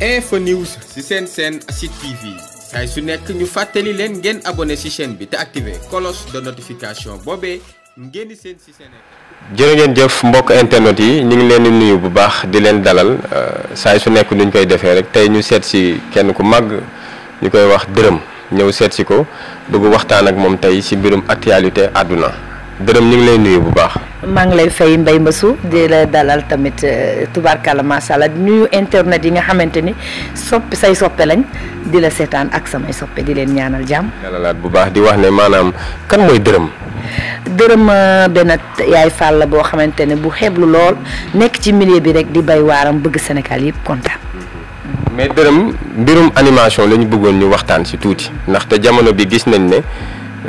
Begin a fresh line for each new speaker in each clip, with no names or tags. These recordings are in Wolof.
info news ci seen seen ASID TV saay su nekk ñu fàttali leen ngeen abonné ci chaîne bi te activé cloche de notification boobee ngeen di seen ci seen jërë ngeen jëf mbokk internet yi ñu ngi leen di nuyu bu baax di leen dalal euh, saay su nekk duñ koy defee rek tey ñu seet ci kenn ku mag ñu koy wax dërëm ñëw seet ci ko bëgg waxtaan ak moom tey ci mbirum actualité àdduna dërëm ñu ngi lay nuyu bu baax.
maa ngi lay fay Mbaye Mbassou di la dalal tamit euh, tubaarkàlla macha allah nuyu internet yi nga xamante ni sopp say soppe lañ di la seetaan ak samay soppe di leen ñaanal jàmm.
bu baax di wax ne maanaam kan mooy dërëm.
dërëm euh, benn yaay Fall la boo xamante ne bu xeeblu lool nekk ci milieu bi rek di bay waaram bëgg Sénégal yëpp kontaan.
mais dërëm mbirum animation la ñu bëggoon ñu waxtaan si tuuti ndaxte jamono bi gis nañ ne.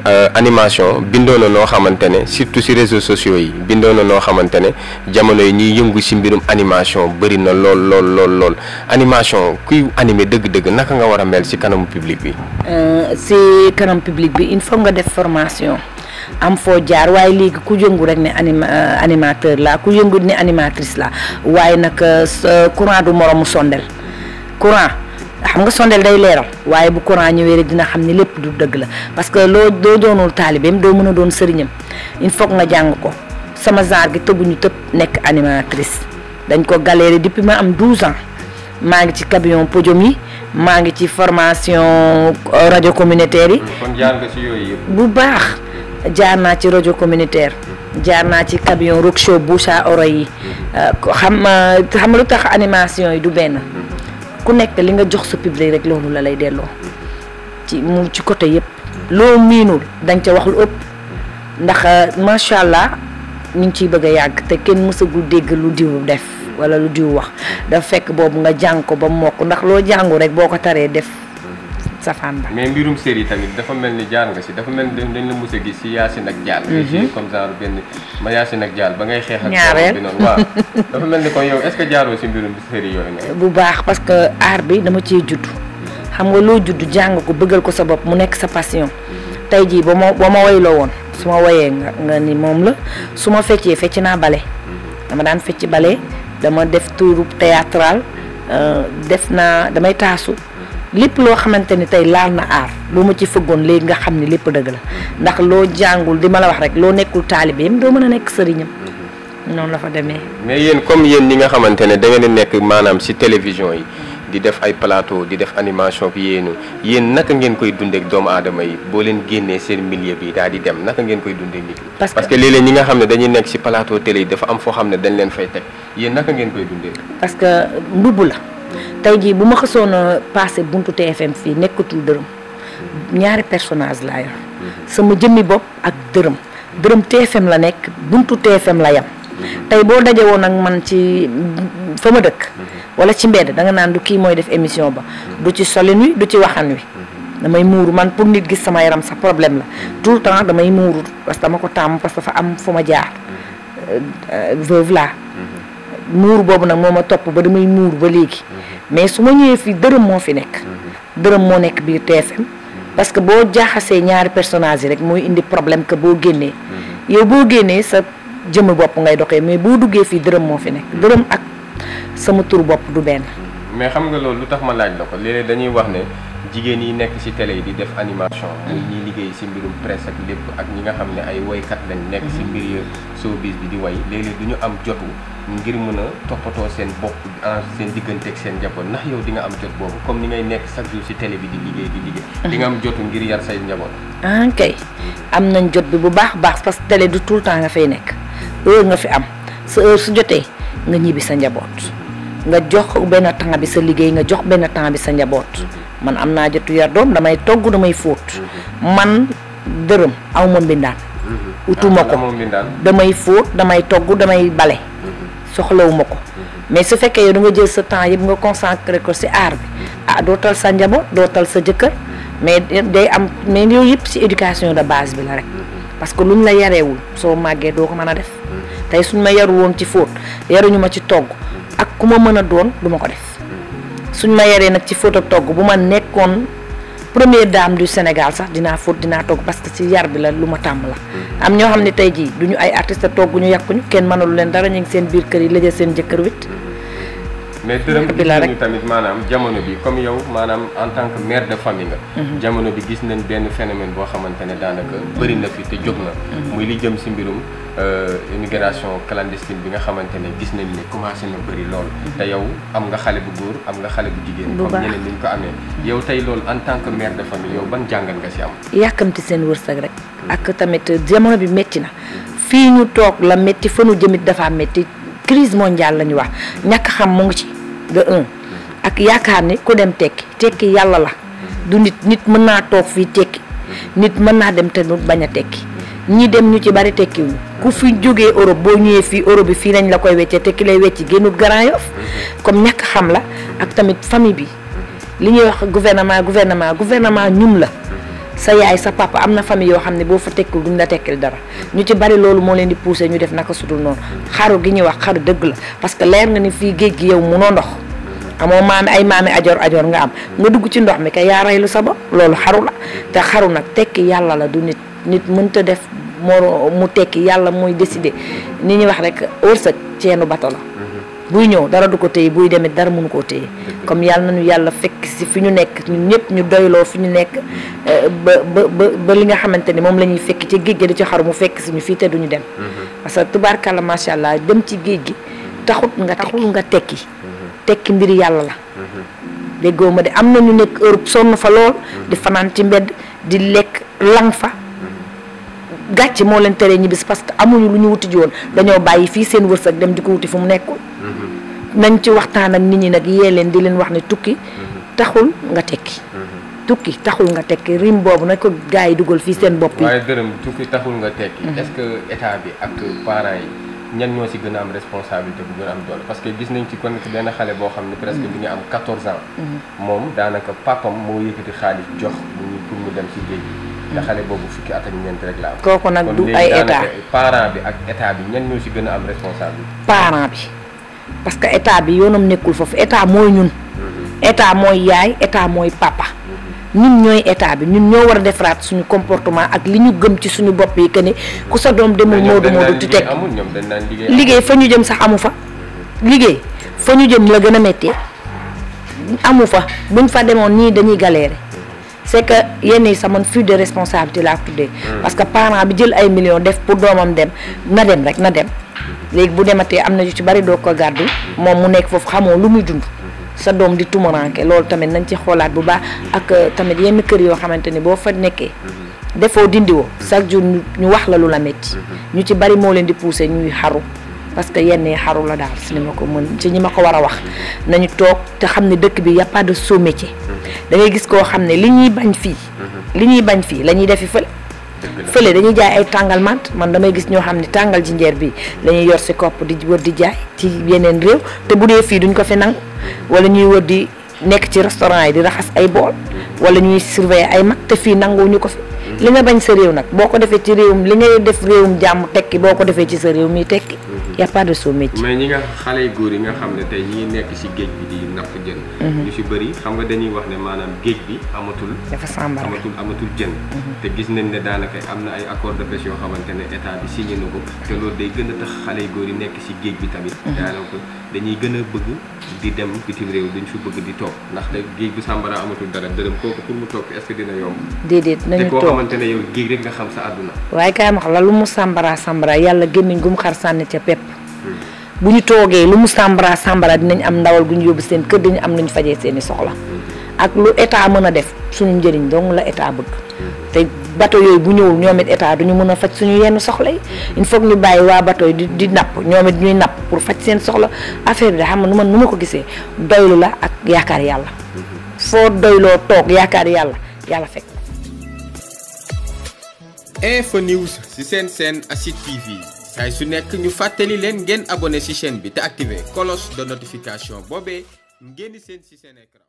Euh, animation bindoo na noo xamante ne surtout ci réseaux sociaux yi bindoo na noo xamante ne jamono yi ñuy yëngu si mbirum animation bëri na lool lool lool animation kuy animé dëgg-dëgg naka nga war a mel ci kanamu public bi.
ci euh, kanam public bi il faut nga def formation. am foo jaar waaye léegi ku yëngu rek ni anima euh, animateur la ku yëngut ni animatrice la waaye nag courant du mu sondel courant. xam nga sondeel day leeral waaye bu courant ñëwee rek dina xam ni lépp du dëgg la parce que loo doo doonul taalibeem doo mën a doon sëriñam il faut nga jàng ko sama genre gi tëbuñu tëb nekk animatrice dañ ko galéré depuis ma am 12 ans maa ngi ci cabion podium yi maa ngi ci formation euh, rajo communautaire yi. kon bu baax jaar naa ci rajo communautaire. jaar naa ci cabillon rock show bouche oreille yi. Euh, xam euh, xam lu tax animation yi du benn. ku nekk li nga jox sa public rek loolu la lay delloo ci mu ci côté yëpp loo miinul dañ ca wax lu ëpp ndax euh, macha allah ñu ngi ciy bëgg a yàgg te kenn mësagul dégg lu diw def wala lu diw wax dafa fekk boobu nga jàng ko ba mokk ndax loo jàngu rek boo ko taree def safaan ba.
mais mbirum série tamit dafa mel ni jaar nga si dafa mel ni dañ la mos a gis si Yacine ak Dial. Mhm. comme genre benn ma Yacine ak Dial ba ngay xeex ak. ñaareel bi noonu dafa mel ni kon yow est-ce jaaroo si mbirum série yooyu nag. bu
baax parce que art bi dama ciy juddu mhm. xam nga loo juddu jàng ko bëggal ko sa bopp mu nekk sa passion. Mhm. tey jii ba ma ba ma woyloo woon su ma woyee nga nga ni moom la su ma feccee fecc naa bale. dama daan fecc bale dama def tour théâtral euh, def na damay taasu. lépp loo xamante ni tey laal na aar lu ma ci fëggoon léegi nga xam ni lépp dëgg la ndax loo jàngul di ma la wax rek loo nekkul taalibeem doo mën a nekk sëriñam mhm. noonu la fa demee.
mais yéen comme yéen ñi nga xamante ne da nekk maanaam ci télévision yi. di def ay plateau di def animation bi yéenu yéen naka ngeen koy dundeek doomu aadama yi boo leen génnee seen milieu bi daal di dem naka ngeen koy dundee nit ñi
parce que léeg
ñi nga xam ne dañu nekk si plateau télé yi dafa am foo xam ne dañ leen fay teg yéen naka ngeen koy dundee.
parce que mbubb la. tey jii bu ma xasoon a passé buntu TFM fii nekkatul dërëm ñaari personnage laa yor mhm. sama jëmmi bopp ak dërëm dërëm TFM la nekk buntu TFM la yam mhm. tey boo dajee woon ak man ci fa ma dëkk mhm. wala ci mbedd danga naan du kii mooy def émission ba du ci solin wi du ci waxan wi damay muuru man pour nit gis sama yaram sax problème la tout le temps damay muuru parce que dama ko tàmm parce que dafa am fu ma jaar euh, euh, veuve laa muur boobu nag moo ma topp ba damay muur ba léegi mhm. mais su ma ñëwee fii dërëm moo fi nekk mhm. dërëm moo nekk biir TFM mhm. parce que boo jaaxasee ñaari personnages yi rek mooy indi problème que boo génnee yow boo génnee sa jëmm bopp ngay doxee mais boo duggee fii dërëm moo fi nekk dërëm ak sama tur bopp du benn
mais xam nga loolu lu tax ma laaj la ko léeg dañuy wax ne jigéen yi nekk ci télé yi di def animation muy liggéey si mbirum presse ak lépp ak ñi nga xam ne ay woykat lañ nekk ci mhm. mbir showbiz bi di way léeg du ñu am jotu ngir mën a toppatoo seen bopp en seen diggante ak seen njaboot ndax yow di nga am jot boobu comme ni ngay nekk chaque jour ci télé bi di liggéey di liggéey di nga am mhm. jotu ngir yar say njaboot
ah am nañ jot bi bu baax baax parce que télé du tout le temps nga fay nekk heure nga fi am sa heure su jotee nga ñibbi sa njaboot nga jox benn temps bi sa liggéey nga jox benn temps sa njaboot man am naa jotu yar doom damay togg damay fóot mm-hmm. man dërëm aw mbindaan
mm-hmm. utuma ko
damay fóot damay togg damay bale mm-hmm. soxlawuma ko mais su fekkee yow da nga jël sa temps yëpp nga consacré ko si aar bi ah doo tal sa njabo doo tal sa jëkkër mais day am mais yooyu yëpp si éducation de base bi la rek parce que luñ la yarewul soo màggee doo ko mën a def tey suñ ma yaru woon ci fóot yaruñu ma ci togg ak ku ma mën a doon du ma ko def suñ ma yaree nag ci fóot ak togg bu ma nekkoon premier daam du Sénégal sax dinaa fóot dinaa togg parce que ci yar bi la lu ma tàmm la. Mm-hmm. am ñoo xam ne tey jii du ñu ay artiste togg ñu yàqu ñu kenn mënalu leen dara ñu ngi seen biir kër yi lëjël seen jëkkër wit mm-hmm.
mais tëram gis nañu tamit maanaam jamono bi comme yow maanaam en tant que mère de famille nga mhm. jamono bi gis nañ benn phénomène boo xamante ne daanaka bëri na fi te jóg na mhm. muy li jëm si mbirum euh, immigration clandestine bi nga xamante ne gis nañ ni commencé na bëri lool mhm. te yow am nga xale bu góor am nga xale bu jigéen comme ñeneen ni ñu ko amee yow tey lool en tant que mère de famille yow ban jàngal nga si am
yàkkamti seen wërsëg rek ak tamit jamono bi métti fii ñu toog la métti fa nu jëmit dafa crise mondiale la ñu wax ñàkk xam mu ngi ci de un ak yaakaar ni ku dem tekki tekki yàlla la du nit nit mën naa toog fii tekki nit mën naa dem te bañ a tekki ñi dem ñu ci bari tekkiwuñu ku fi jógee Europe boo ñëwee fii Europe bi fii lañ la koy weccee te ki lay wecci génnut Grand Yoff comme ñàkk xam la ak tamit famille bi li ñuy wax gouvernement gouvernement gouvernement ñun la sa yaay sa papa am na famille yoo xam ne boo fa tekkul duñ la tekkil dara ñu ci bari loolu moo leen di poussé ñu def naka sudul noonu xaru gi ñu wax xaru dëgg la parce que leer nga ni fii géej gi yow munoo ndox amoo maami ay maami ajoor ajoor nga am nga dugg ci ndox mi kay yaa raylu sa bopp loolu xaru la te xaru nag tekki yàlla la du nit nit mënta def moo mu tekki yàlla mooy décider ni ñuy wax rek wërsëg ceenu bato la buy ñëw dara du ko téye buy demee dara mënu koo téye comme yàlla nañu yàlla fekk si fi ñu nekk ñun ñëpp ñu doyloo fi ñu nekk mm-hmm. euh, ba ba ba li nga xamante ni moom la ñuy fekk ci géej gi di ci xaru mu fekk si ñu fii te duñu dem mm-hmm. parce que tubaarkàlla macha allah dem ci géej gi mm-hmm. taxut nga taxul nga tekki tekki mbir yàlla la déggoo ma de am na ñu nekk Europe sonn fa lool di fanaan ci mbedd di lekk lang fa gàcce moo leen teree ñibbisi parce que amuñu lu ñu wuti joon woon bàyyi fii seen wërsëg dem di ko wuti fu mu nekkul nañ ci waxtaan ak nit ñi nag yee leen di leen wax ne tukki mhm. taxul nga tekki mhm. tukki taxul nga tekki rim boobu na ko gars yi dugal fii seen bopp yi waaye
gërëm tukki taxul nga tekki mhm. est-ce que état bi ak parents yi ñan ñoo ci gën a am responsabilité bu gën a parce que gis nañ ci kon benn xale boo xam ne presque bi nga am 14 ans. moom daanaka papam moo yëkkati xaalis jox bu ñu pour mu dem si géej gi. xale boobu fukki at ak ñeent rek la am. kooku nag du ay état parent bi ak état bi ñan ñoo ci gën a am responsabilité.
parent bi. parce que état bi yoonam nekkul foofu état mooy ñun. Mm-hmm. état mooy yaay état mooy papa. ñun ñooy état bi ñun ñoo war a defaraat suñu comportement ak li ñu gëm ci suñu bopp yi que ni ku sa doom demul moodu moodu di teg liggéey fa ñu jëm sax amu fa. liggéey fa ñu jëm la gën a méttee amu fa buñ fa demoon nii dañuy galérer c'est que yenn yi sax man fuite de responsabilité laa tuddee. Mm. parce que parent bi jël ay million def pour doomam dem na dem rek na dem. léegi bu dematee am na ñu ci bari doo ko gàddu moom mu nekk foofu xamoo lu muy dund sa doom di tumaranke loolu tamit nañ ci xoolaat bu baax ak euh, tamit yenn kër yoo xamante ni boo fa nekkee mm-hmm. defoo dindiwoo chaque jour ñu wax la lu la metti mm-hmm. ñu ci bari moo leen di pousser ñuy xaru parce que yenn xaru la daal si ni ma ko mën ci ñi ma ko war a wax mm-hmm. nañu toog te xam ne dëkk bi y a pas de sot da ngay gis koo xam ne li ñuy bañ fii li ñuy bañ fii lañuy ñuy defi fële fële dañuy jaay ay tàngal màtt man damay gis ñoo xam ne tàngal jinjeer bi lañuy yor si kopp di wër di jaay ci yeneen réew te bu dee fii duñ ko fi nangu wala ñuy wër di nekk ci restaurant yi di raxas ay bool walla ñuy surveiller ay mag te fii ñu ko fi mm. li nga bañ sa réew nag boo ko defee ci réewum li ngay def réewum jàmm tekki boo ko defee ci sa réew mi tekki mm-hmm. y a pas de sous-métier
mais ñi nga yi nga xam ne napp jën ñu mhm. si bëri xam nga dañuy wax ne maanaam géej bi amatul amatul amatul jën mhm. te gis nañ ne daanaka am na ay accord de pêche yoo ne état bi signé na ko te loolu nekk si géej bi tamit daanaka mhm. dañuy gën a bëgg di dem bitim réew duñ fi bëgg di toog ndax te géej bu sàmbara amatul dara dërëm kooku pour mu toog est-ce que dina yomb déedéet nañu toog te koo xamante ne yow nga xam sa àdduna
waaye la lu mu sàmbara sàmbara yàlla gémmiñ gu mu xar sànni ca pepp hmm. bu ñu toogee lu mu sambara sambara dinañ am ndawal gu ñu yóbbu seen kër dinañ am nañu fajee seeni soxla ak lu état mën a def suñu njëriñ dong la état bëgg te bateau yooyu bu ñëwul ñoom it état duñu mën a faj suñu yenn soxla yi il faut que ñu bàyyi waa bateau yi di di napp ñoom it ñuy napp pour faj seen soxla affaire bi da xam nu man nu ma ko gisee doylu la ak yaakaar yàlla foo doyloo toog yaakaar yàlla yàlla fekk Info News
seen saay su nekk ñu fàttali leen ngeen abonné ci chaîne bi te activé cloche de notification boobee ngeen di seen ci seen